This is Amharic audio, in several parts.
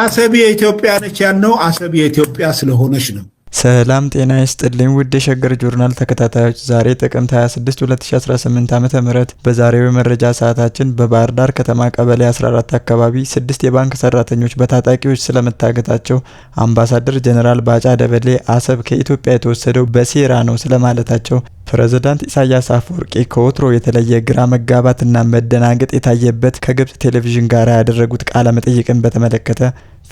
አሰብ የኢትዮጵያ ነች ያልነው አሰብ የኢትዮጵያ ስለሆነች ነው። ሰላም ጤና ይስጥልኝ ውድ የሸገር ጆርናል ተከታታዮች፣ ዛሬ ጥቅምት 26 2018 ዓ ም በዛሬው የመረጃ ሰዓታችን በባህር ዳር ከተማ ቀበሌ 14 አካባቢ ስድስት የባንክ ሰራተኞች በታጣቂዎች ስለመታገታቸው፣ አምባሳደር ጀኔራል ባጫ ደበሌ አሰብ ከኢትዮጵያ የተወሰደው በሴራ ነው ስለማለታቸው፣ ፕሬዝዳንት ኢሳያስ አፈወርቂ ከወትሮ የተለየ ግራ መጋባትና መደናገጥ የታየበት ከግብጽ ቴሌቪዥን ጋር ያደረጉት ቃለ መጠይቅን በተመለከተ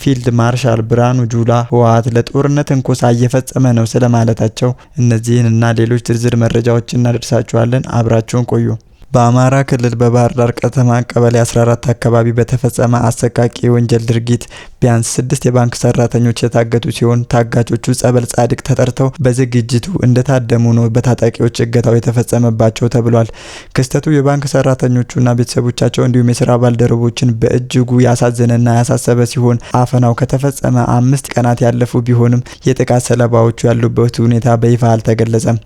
ፊልድ ማርሻል ብርሃኑ ጁላ ህወሀት ለጦርነት ትንኮሳ እየፈጸመ ነው ስለማለታቸው እነዚህንና ሌሎች ዝርዝር መረጃዎች እናደርሳችኋለን። አብራችሁን ቆዩ። በአማራ ክልል በባህር ዳር ከተማ ቀበሌ 14 አካባቢ በተፈጸመ አሰቃቂ የወንጀል ድርጊት ቢያንስ ስድስት የባንክ ሰራተኞች የታገቱ ሲሆን ታጋቾቹ ጸበል ጻድቅ ተጠርተው በዝግጅቱ እንደታደሙ ነው በታጣቂዎች እገታው የተፈጸመባቸው ተብሏል። ክስተቱ የባንክ ሰራተኞቹና ቤተሰቦቻቸው እንዲሁም የስራ ባልደረቦችን በእጅጉ ያሳዘነና ያሳሰበ ሲሆን አፈናው ከተፈጸመ አምስት ቀናት ያለፉ ቢሆንም የጥቃት ሰለባዎቹ ያሉበት ሁኔታ በይፋ አልተገለጸም።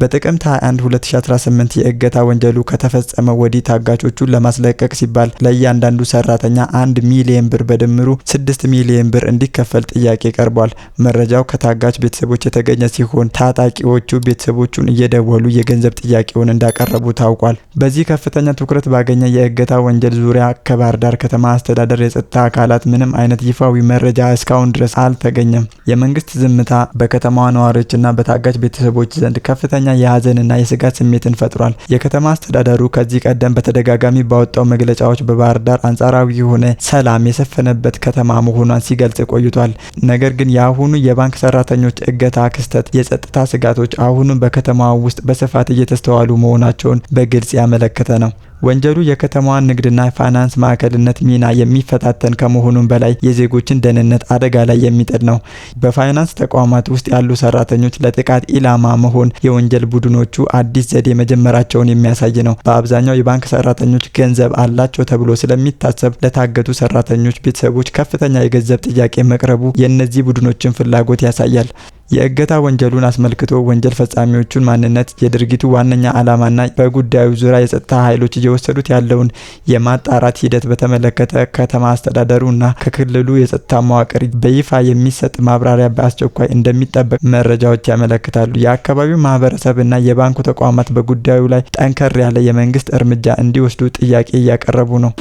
በጥቅምት 21 2018 የእገታ ወንጀሉ ከተፈጸመ ወዲህ ታጋቾቹን ለማስለቀቅ ሲባል ለእያንዳንዱ ሰራተኛ አንድ ሚሊየን ብር በድምሩ ስድስት አምስት ሚሊዮን ብር እንዲከፈል ጥያቄ ቀርቧል። መረጃው ከታጋች ቤተሰቦች የተገኘ ሲሆን ታጣቂዎቹ ቤተሰቦቹን እየደወሉ የገንዘብ ጥያቄውን እንዳቀረቡ ታውቋል። በዚህ ከፍተኛ ትኩረት ባገኘ የእገታ ወንጀል ዙሪያ ከባህር ዳር ከተማ አስተዳደር የጸጥታ አካላት ምንም አይነት ይፋዊ መረጃ እስካሁን ድረስ አልተገኘም። የመንግስት ዝምታ በከተማዋ ነዋሪዎችና በታጋች ቤተሰቦች ዘንድ ከፍተኛ የሀዘንና የስጋት ስሜትን ፈጥሯል። የከተማ አስተዳደሩ ከዚህ ቀደም በተደጋጋሚ ባወጣው መግለጫዎች በባህር ዳር አንጻራዊ የሆነ ሰላም የሰፈነበት ከተማ መሆኗን ሲገልጽ ቆይቷል። ነገር ግን የአሁኑ የባንክ ሰራተኞች እገታ ክስተት የጸጥታ ስጋቶች አሁንም በከተማዋ ውስጥ በስፋት እየተስተዋሉ መሆናቸውን በግልጽ ያመለከተ ነው። ወንጀሉ የከተማዋን ንግድና ፋይናንስ ማዕከልነት ሚና የሚፈታተን ከመሆኑም በላይ የዜጎችን ደህንነት አደጋ ላይ የሚጥል ነው። በፋይናንስ ተቋማት ውስጥ ያሉ ሰራተኞች ለጥቃት ኢላማ መሆን የወንጀል ቡድኖቹ አዲስ ዘዴ መጀመራቸውን የሚያሳይ ነው። በአብዛኛው የባንክ ሰራተኞች ገንዘብ አላቸው ተብሎ ስለሚታሰብ ለታገቱ ሰራተኞች ቤተሰቦች ከፍተኛ የገንዘብ ጥያቄ መቅረቡ የእነዚህ ቡድኖችን ፍላጎት ያሳያል። የእገታ ወንጀሉን አስመልክቶ ወንጀል ፈጻሚዎቹን ማንነት፣ የድርጊቱ ዋነኛ ዓላማና በጉዳዩ ዙሪያ የጸጥታ ኃይሎች እየወሰዱት ያለውን የማጣራት ሂደት በተመለከተ ከተማ አስተዳደሩ እና ከክልሉ የጸጥታ መዋቅር በይፋ የሚሰጥ ማብራሪያ በአስቸኳይ እንደሚጠበቅ መረጃዎች ያመለክታሉ። የአካባቢው ማህበረሰብ እና የባንኩ ተቋማት በጉዳዩ ላይ ጠንከር ያለ የመንግስት እርምጃ እንዲወስዱ ጥያቄ እያቀረቡ ነው።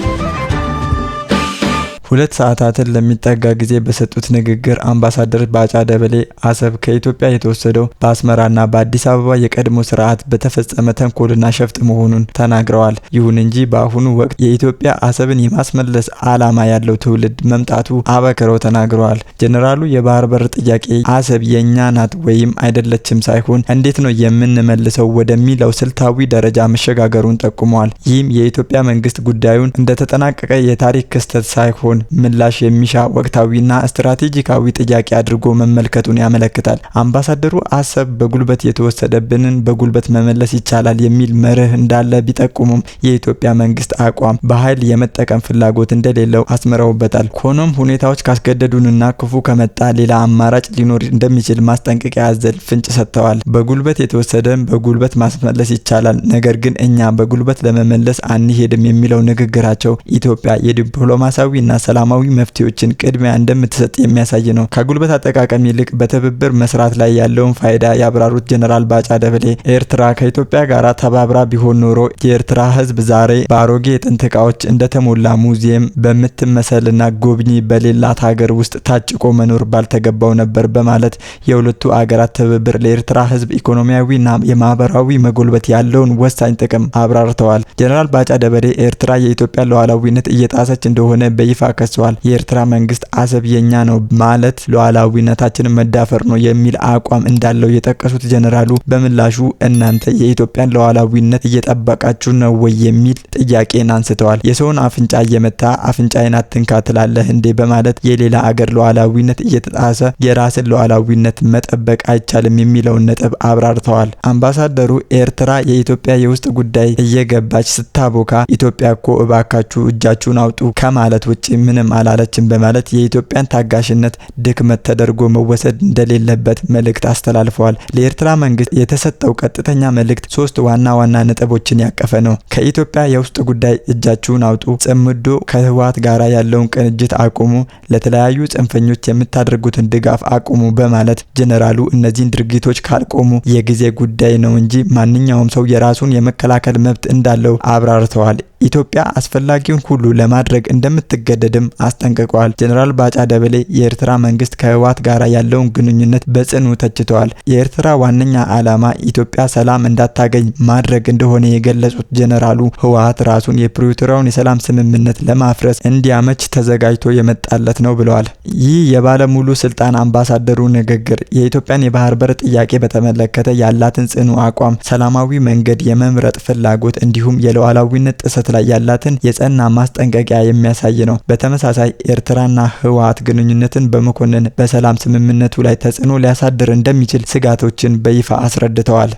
ሁለት ሰዓታትን ለሚጠጋ ጊዜ በሰጡት ንግግር አምባሳደር ባጫ ደበሌ አሰብ ከኢትዮጵያ የተወሰደው በአስመራና በአዲስ አበባ የቀድሞ ስርዓት በተፈጸመ ተንኮልና ሸፍጥ መሆኑን ተናግረዋል። ይሁን እንጂ በአሁኑ ወቅት የኢትዮጵያ አሰብን የማስመለስ ዓላማ ያለው ትውልድ መምጣቱ አበክረው ተናግረዋል። ጀኔራሉ የባህር በር ጥያቄ አሰብ የእኛ ናት ወይም አይደለችም ሳይሆን እንዴት ነው የምንመልሰው ወደሚለው ስልታዊ ደረጃ መሸጋገሩን ጠቁመዋል። ይህም የኢትዮጵያ መንግስት ጉዳዩን እንደተጠናቀቀ የታሪክ ክስተት ሳይሆን መሆኑን ምላሽ የሚሻ ወቅታዊና ስትራቴጂካዊ ጥያቄ አድርጎ መመልከቱን ያመለክታል። አምባሳደሩ አሰብ በጉልበት የተወሰደብንን በጉልበት መመለስ ይቻላል የሚል መርህ እንዳለ ቢጠቁሙም የኢትዮጵያ መንግስት አቋም በኃይል የመጠቀም ፍላጎት እንደሌለው አስምረውበታል። ሆኖም ሁኔታዎች ካስገደዱንና ክፉ ከመጣ ሌላ አማራጭ ሊኖር እንደሚችል ማስጠንቀቂያ አዘል ፍንጭ ሰጥተዋል። በጉልበት የተወሰደን በጉልበት ማስመለስ ይቻላል፣ ነገር ግን እኛ በጉልበት ለመመለስ አንሄድም የሚለው ንግግራቸው ኢትዮጵያ የዲፕሎማሲያዊና ሰላማዊ መፍትሄዎችን ቅድሚያ እንደምትሰጥ የሚያሳይ ነው። ከጉልበት አጠቃቀም ይልቅ በትብብር መስራት ላይ ያለውን ፋይዳ ያብራሩት ጀነራል ባጫ ደበሌ ኤርትራ ከኢትዮጵያ ጋር ተባብራ ቢሆን ኖሮ የኤርትራ ሕዝብ ዛሬ በአሮጌ የጥንት እቃዎች እንደተሞላ ሙዚየም በምትመሰልና ጎብኚ በሌላት ሀገር ውስጥ ታጭቆ መኖር ባልተገባው ነበር በማለት የሁለቱ አገራት ትብብር ለኤርትራ ሕዝብ ኢኮኖሚያዊና የማህበራዊ መጎልበት ያለውን ወሳኝ ጥቅም አብራርተዋል። ጀነራል ባጫ ደበሌ ኤርትራ የኢትዮጵያ ሉዓላዊነት እየጣሰች እንደሆነ በይፋ ከሰዋል። የኤርትራ መንግስት አሰብ የኛ ነው ማለት ሉዓላዊነታችንን መዳፈር ነው የሚል አቋም እንዳለው የጠቀሱት ጀኔራሉ በምላሹ እናንተ የኢትዮጵያን ሉዓላዊነት እየጠበቃችሁ ነው ወይ የሚል ጥያቄን አንስተዋል። የሰውን አፍንጫ እየመታ አፍንጫዬን አትንካ ትላለህ እንዴ በማለት የሌላ አገር ሉዓላዊነት እየተጣሰ የራስን ሉዓላዊነት መጠበቅ አይቻልም የሚለውን ነጥብ አብራርተዋል። አምባሳደሩ ኤርትራ የኢትዮጵያ የውስጥ ጉዳይ እየገባች ስታቦካ ኢትዮጵያ እኮ እባካችሁ እጃችሁን አውጡ ከማለት ውጭ ምንም አላለችም በማለት የኢትዮጵያን ታጋሽነት ድክመት ተደርጎ መወሰድ እንደሌለበት መልእክት አስተላልፈዋል። ለኤርትራ መንግስት የተሰጠው ቀጥተኛ መልእክት ሶስት ዋና ዋና ነጥቦችን ያቀፈ ነው። ከኢትዮጵያ የውስጥ ጉዳይ እጃችሁን አውጡ፣ ጽምዶ ከህወሀት ጋር ያለውን ቅንጅት አቁሙ፣ ለተለያዩ ጽንፈኞች የምታደርጉትን ድጋፍ አቁሙ በማለት ጀኔራሉ እነዚህን ድርጊቶች ካልቆሙ የጊዜ ጉዳይ ነው እንጂ ማንኛውም ሰው የራሱን የመከላከል መብት እንዳለው አብራርተዋል። ኢትዮጵያ አስፈላጊውን ሁሉ ለማድረግ እንደምትገደድም አስጠንቅቀዋል። ጀኔራል ባጫ ደበሌ የኤርትራ መንግስት ከህወሓት ጋር ያለውን ግንኙነት በጽኑ ተችተዋል። የኤርትራ ዋነኛ ዓላማ ኢትዮጵያ ሰላም እንዳታገኝ ማድረግ እንደሆነ የገለጹት ጀኔራሉ ህወሓት ራሱን የፕሪቶሪያውን የሰላም ስምምነት ለማፍረስ እንዲያመች ተዘጋጅቶ የመጣለት ነው ብለዋል። ይህ የባለሙሉ ስልጣን አምባሳደሩ ንግግር የኢትዮጵያን የባህር በር ጥያቄ በተመለከተ ያላትን ጽኑ አቋም፣ ሰላማዊ መንገድ የመምረጥ ፍላጎት እንዲሁም የሉዓላዊነት ጥሰት ላይ ያላትን የጸና ማስጠንቀቂያ የሚያሳይ ነው። በተመሳሳይ ኤርትራና ህወሀት ግንኙነትን በመኮንን በሰላም ስምምነቱ ላይ ተጽዕኖ ሊያሳድር እንደሚችል ስጋቶችን በይፋ አስረድተዋል።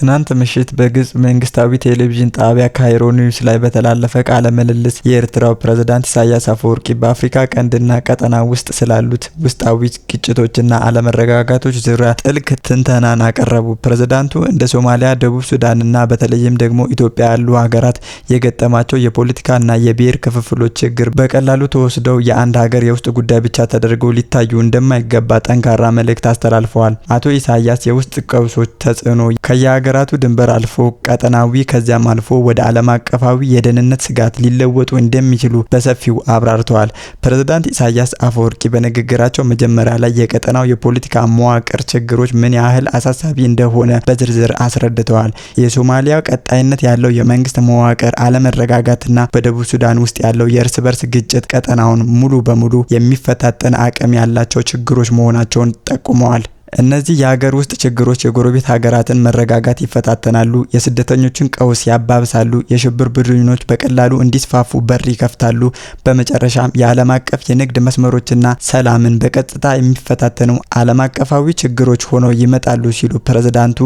ትናንት ምሽት በግብጽ መንግስታዊ ቴሌቪዥን ጣቢያ ካይሮ ኒውስ ላይ በተላለፈ ቃለ ምልልስ የኤርትራው ፕሬዝዳንት ኢሳያስ አፈወርቂ በአፍሪካ ቀንድና ቀጠና ውስጥ ስላሉት ውስጣዊ ግጭቶችና አለመረጋጋቶች ዙሪያ ጥልቅ ትንተናን አቀረቡ። ፕሬዝዳንቱ እንደ ሶማሊያ፣ ደቡብ ሱዳንና በተለይም ደግሞ ኢትዮጵያ ያሉ ሀገራት የገጠማቸው የፖለቲካና የብሔር ክፍፍሎች ችግር በቀላሉ ተወስደው የአንድ ሀገር የውስጥ ጉዳይ ብቻ ተደርገው ሊታዩ እንደማይገባ ጠንካራ መልእክት አስተላልፈዋል። አቶ ኢሳያስ የውስጥ ቀውሶች ተጽዕኖ ከየሀገር ሀገራቱ ድንበር አልፎ ቀጠናዊ ከዚያም አልፎ ወደ ዓለም አቀፋዊ የደህንነት ስጋት ሊለወጡ እንደሚችሉ በሰፊው አብራርተዋል። ፕሬዝዳንት ኢሳያስ አፈወርቂ በንግግራቸው መጀመሪያ ላይ የቀጠናው የፖለቲካ መዋቅር ችግሮች ምን ያህል አሳሳቢ እንደሆነ በዝርዝር አስረድተዋል። የሶማሊያ ቀጣይነት ያለው የመንግስት መዋቅር አለመረጋጋትና በደቡብ ሱዳን ውስጥ ያለው የእርስ በርስ ግጭት ቀጠናውን ሙሉ በሙሉ የሚፈታጠን አቅም ያላቸው ችግሮች መሆናቸውን ጠቁመዋል። እነዚህ የሀገር ውስጥ ችግሮች የጎረቤት ሀገራትን መረጋጋት ይፈታተናሉ፣ የስደተኞችን ቀውስ ያባብሳሉ፣ የሽብር ቡድኖች በቀላሉ እንዲስፋፉ በር ይከፍታሉ። በመጨረሻም የዓለም አቀፍ የንግድ መስመሮችና ሰላምን በቀጥታ የሚፈታተኑ ዓለም አቀፋዊ ችግሮች ሆነው ይመጣሉ ሲሉ ፕሬዝዳንቱ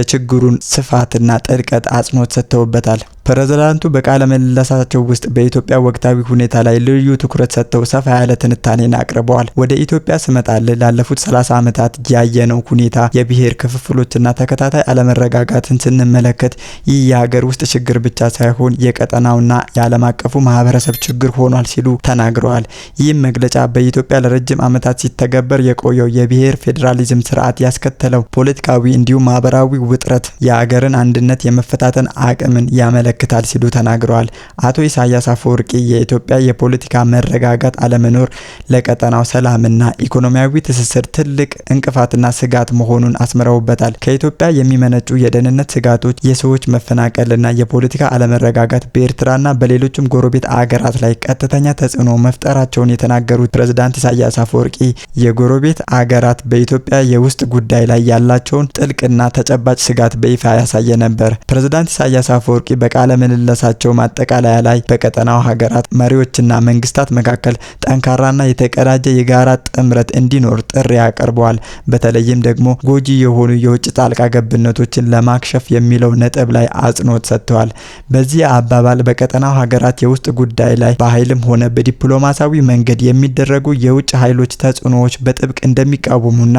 የችግሩን ስፋትና ጥልቀት አጽንኦት ሰጥተውበታል። ፕሬዝዳንቱ በቃለ ምልልሳቸው ውስጥ በኢትዮጵያ ወቅታዊ ሁኔታ ላይ ልዩ ትኩረት ሰጥተው ሰፋ ያለ ትንታኔን አቅርበዋል። ወደ ኢትዮጵያ ስመጣል ላለፉት 30 ዓመታት ያየነው ሁኔታ የብሔር ክፍፍሎችና ተከታታይ አለመረጋጋትን ስንመለከት ይህ የሀገር ውስጥ ችግር ብቻ ሳይሆን የቀጠናውና የዓለም አቀፉ ማህበረሰብ ችግር ሆኗል ሲሉ ተናግረዋል። ይህም መግለጫ በኢትዮጵያ ለረጅም ዓመታት ሲተገበር የቆየው የብሔር ፌዴራሊዝም ስርዓት ያስከተለው ፖለቲካዊ እንዲሁም ማህበራዊ ውጥረት የሀገርን አንድነት የመፈታተን አቅምን ያመለክ ያመለክታል ሲሉ ተናግረዋል። አቶ ኢሳያስ አፈወርቂ የኢትዮጵያ የፖለቲካ መረጋጋት አለመኖር ለቀጠናው ሰላምና ኢኮኖሚያዊ ትስስር ትልቅ እንቅፋትና ስጋት መሆኑን አስምረውበታል። ከኢትዮጵያ የሚመነጩ የደህንነት ስጋቶች፣ የሰዎች መፈናቀልና የፖለቲካ አለመረጋጋት በኤርትራና በሌሎችም ጎረቤት አገራት ላይ ቀጥተኛ ተጽዕኖ መፍጠራቸውን የተናገሩት ፕሬዝዳንት ኢሳያስ አፈወርቂ የጎረቤት አገራት በኢትዮጵያ የውስጥ ጉዳይ ላይ ያላቸውን ጥልቅና ተጨባጭ ስጋት በይፋ ያሳየ ነበር። ፕሬዝዳንት ኢሳያስ አፈወርቂ በቃ ቃለ ምልልሳቸው ማጠቃለያ ላይ በቀጠናው ሀገራት መሪዎችና መንግስታት መካከል ጠንካራና የተቀዳጀ የጋራ ጥምረት እንዲኖር ጥሪ አቅርበዋል። በተለይም ደግሞ ጎጂ የሆኑ የውጭ ጣልቃ ገብነቶችን ለማክሸፍ የሚለው ነጥብ ላይ አጽንኦት ሰጥተዋል። በዚህ አባባል በቀጠናው ሀገራት የውስጥ ጉዳይ ላይ በኃይልም ሆነ በዲፕሎማሲያዊ መንገድ የሚደረጉ የውጭ ኃይሎች ተጽዕኖዎች በጥብቅ እንደሚቃወሙና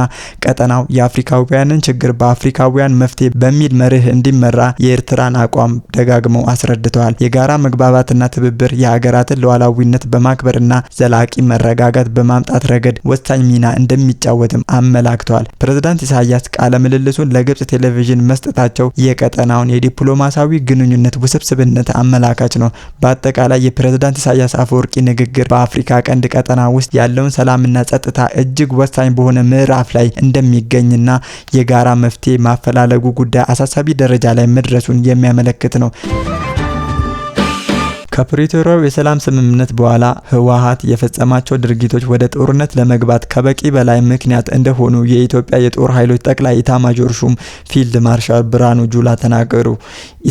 ቀጠናው የአፍሪካውያንን ችግር በአፍሪካውያን መፍትሄ በሚል መርህ እንዲመራ የኤርትራን አቋም ደጋግመው ፈርመው አስረድተዋል። የጋራ መግባባትና ትብብር የሀገራትን ሉዓላዊነት በማክበርና ዘላቂ መረጋጋት በማምጣት ረገድ ወሳኝ ሚና እንደሚጫወትም አመላክተዋል። ፕሬዝዳንት ኢሳያስ ቃለ ምልልሱን ለግብጽ ቴሌቪዥን መስጠታቸው የቀጠናውን የዲፕሎማሲያዊ ግንኙነት ውስብስብነት አመላካች ነው። በአጠቃላይ የፕሬዝዳንት ኢሳያስ አፈወርቂ ንግግር በአፍሪካ ቀንድ ቀጠና ውስጥ ያለውን ሰላምና ጸጥታ እጅግ ወሳኝ በሆነ ምዕራፍ ላይ እንደሚገኝና የጋራ መፍትሄ ማፈላለጉ ጉዳይ አሳሳቢ ደረጃ ላይ መድረሱን የሚያመለክት ነው። Thank you. ከፕሪቶሪያው የሰላም ስምምነት በኋላ ህወሀት የፈጸማቸው ድርጊቶች ወደ ጦርነት ለመግባት ከበቂ በላይ ምክንያት እንደሆኑ የኢትዮጵያ የጦር ኃይሎች ጠቅላይ ኢታማጆር ሹም ፊልድ ማርሻል ብርሃኑ ጁላ ተናገሩ።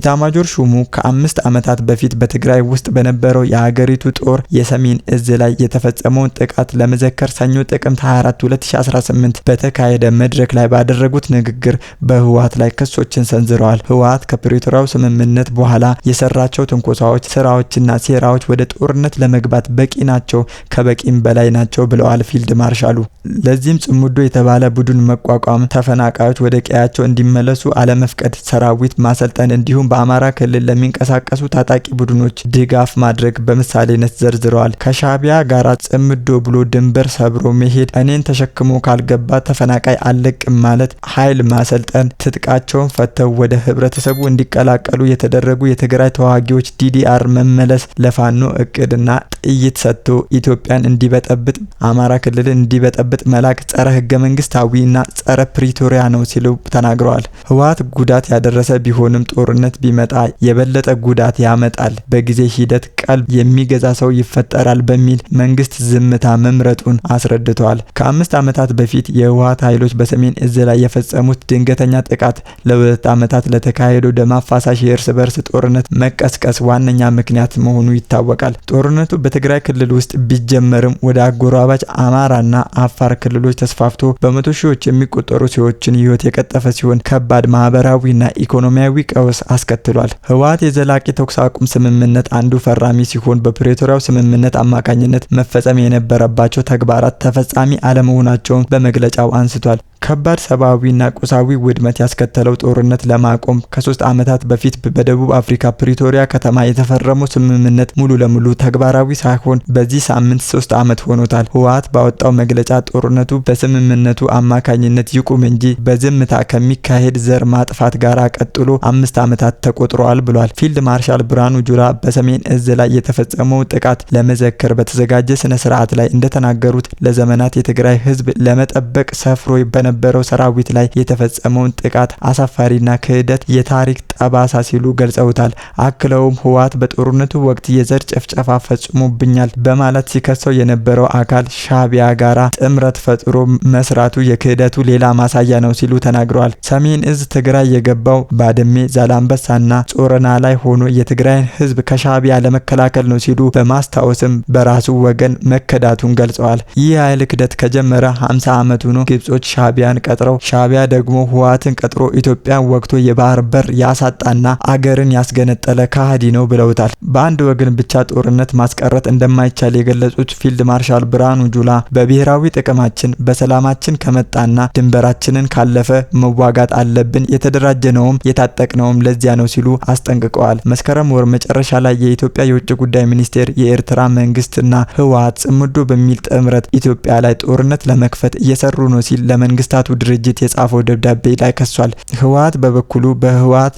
ኢታማጆር ሹሙ ከአምስት ዓመታት በፊት በትግራይ ውስጥ በነበረው የሀገሪቱ ጦር የሰሜን እዝ ላይ የተፈጸመውን ጥቃት ለመዘከር ሰኞ ጥቅምት 24 2018 በተካሄደ መድረክ ላይ ባደረጉት ንግግር በህወሀት ላይ ክሶችን ሰንዝረዋል። ህወሀት ከፕሪቶሪያው ስምምነት በኋላ የሰራቸው ትንኮሳዎች፣ ስራዎች ሴራዎችና ሴራዎች ወደ ጦርነት ለመግባት በቂ ናቸው፣ ከበቂም በላይ ናቸው ብለዋል ፊልድ ማርሻሉ። ለዚህም ጽሙዶ የተባለ ቡድን መቋቋም፣ ተፈናቃዮች ወደ ቀያቸው እንዲመለሱ አለመፍቀድ፣ ሰራዊት ማሰልጠን እንዲሁም በአማራ ክልል ለሚንቀሳቀሱ ታጣቂ ቡድኖች ድጋፍ ማድረግ በምሳሌነት ዘርዝረዋል። ከሻቢያ ጋር ጽምዶ ብሎ ድንበር ሰብሮ መሄድ፣ እኔን ተሸክሞ ካልገባ ተፈናቃይ አለቅም ማለት፣ ኃይል ማሰልጠን፣ ትጥቃቸውን ፈተው ወደ ህብረተሰቡ እንዲቀላቀሉ የተደረጉ የትግራይ ተዋጊዎች ዲዲአር መመ ለመመለስ ለፋኖ እቅድና ጥይት ሰጥቶ ኢትዮጵያን እንዲበጠብጥ አማራ ክልልን እንዲበጠብጥ መላክ ጸረ ህገ መንግስታዊና ጸረ ፕሪቶሪያ ነው ሲሉ ተናግረዋል። ህወሀት ጉዳት ያደረሰ ቢሆንም ጦርነት ቢመጣ የበለጠ ጉዳት ያመጣል፣ በጊዜ ሂደት ቀልብ የሚገዛ ሰው ይፈጠራል በሚል መንግስት ዝምታ መምረጡን አስረድተዋል። ከአምስት ዓመታት በፊት የህወሀት ኃይሎች በሰሜን እዝ ላይ የፈጸሙት ድንገተኛ ጥቃት ለሁለት ዓመታት ለተካሄደው ደም አፋሳሽ የእርስ በርስ ጦርነት መቀስቀስ ዋነኛ ምክንያት ስጋት መሆኑ ይታወቃል። ጦርነቱ በትግራይ ክልል ውስጥ ቢጀመርም ወደ አጎራባች አማራና አፋር ክልሎች ተስፋፍቶ በመቶ ሺዎች የሚቆጠሩ ሰዎችን ሕይወት የቀጠፈ ሲሆን ከባድ ማህበራዊና ኢኮኖሚያዊ ቀውስ አስከትሏል። ህወሓት የዘላቂ ተኩስ አቁም ስምምነት አንዱ ፈራሚ ሲሆን በፕሬቶሪያው ስምምነት አማካኝነት መፈጸም የነበረባቸው ተግባራት ተፈጻሚ አለመሆናቸውን በመግለጫው አንስቷል። ከባድ ሰብአዊና ቁሳዊ ውድመት ያስከተለው ጦርነት ለማቆም ከሶስት ዓመታት በፊት በደቡብ አፍሪካ ፕሪቶሪያ ከተማ የተፈረመው ስምምነት ሙሉ ለሙሉ ተግባራዊ ሳይሆን በዚህ ሳምንት ሶስት ዓመት ሆኖታል። ህወሓት ባወጣው መግለጫ ጦርነቱ በስምምነቱ አማካኝነት ይቁም እንጂ በዝምታ ከሚካሄድ ዘር ማጥፋት ጋር ቀጥሎ አምስት ዓመታት ተቆጥረዋል ብሏል። ፊልድ ማርሻል ብርሃኑ ጁላ በሰሜን እዝ ላይ የተፈጸመው ጥቃት ለመዘከር በተዘጋጀ ስነ ስርዓት ላይ እንደተናገሩት ለዘመናት የትግራይ ህዝብ ለመጠበቅ ሰፍሮ በነ በነበረው ሰራዊት ላይ የተፈጸመውን ጥቃት አሳፋሪና ክህደት የታሪክ ጠባሳ ሲሉ ገልጸውታል። አክለውም ህወሓት በጦርነቱ ወቅት የዘር ጭፍጨፋ ፈጽሞብኛል በማለት ሲከሰው የነበረው አካል ሻቢያ ጋራ ጥምረት ፈጥሮ መስራቱ የክህደቱ ሌላ ማሳያ ነው ሲሉ ተናግረዋል። ሰሜን እዝ ትግራይ የገባው ባድሜ፣ ዛላንበሳና ጾረና ላይ ሆኖ የትግራይን ህዝብ ከሻቢያ ለመከላከል ነው ሲሉ በማስታወስም በራሱ ወገን መከዳቱን ገልጸዋል። ይህ ኃይል ክደት ከጀመረ 50 ዓመቱ ነው። ግብጾች ሻቢያ ሻቢያን ቀጥረው ሻቢያ ደግሞ ህዋትን ቀጥሮ ኢትዮጵያን ወግቶ የባህር በር ያሳጣና አገርን ያስገነጠለ ካህዲ ነው ብለውታል። በአንድ ወገን ብቻ ጦርነት ማስቀረት እንደማይቻል የገለጹት ፊልድ ማርሻል ብርሃኑ ጁላ በብሔራዊ ጥቅማችን በሰላማችን ከመጣና ድንበራችንን ካለፈ መዋጋት አለብን፣ የተደራጀነውም የታጠቅነውም ለዚያ ነው ሲሉ አስጠንቅቀዋል። መስከረም ወር መጨረሻ ላይ የኢትዮጵያ የውጭ ጉዳይ ሚኒስቴር የኤርትራ መንግስትና ህወሓት ጽምዶ በሚል ጥምረት ኢትዮጵያ ላይ ጦርነት ለመክፈት እየሰሩ ነው ሲል ለመንግስት የመንግስታቱ ድርጅት የጻፈው ደብዳቤ ላይ ከሷል። ህወሀት በበኩሉ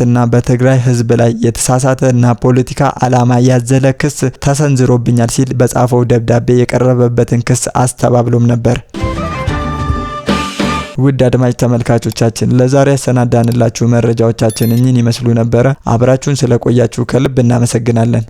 እና በትግራይ ህዝብ ላይ እና ፖለቲካ አላማ ያዘለ ክስ ተሰንዝሮብኛል ሲል በጻፈው ደብዳቤ የቀረበበትን ክስ አስተባብሎም ነበር። ውድ አድማጭ ተመልካቾቻችን ለዛሬ ያሰናዳንላችሁ መረጃዎቻችን እኚህን ይመስሉ ነበረ። አብራችሁን ስለቆያችሁ ከልብ እናመሰግናለን።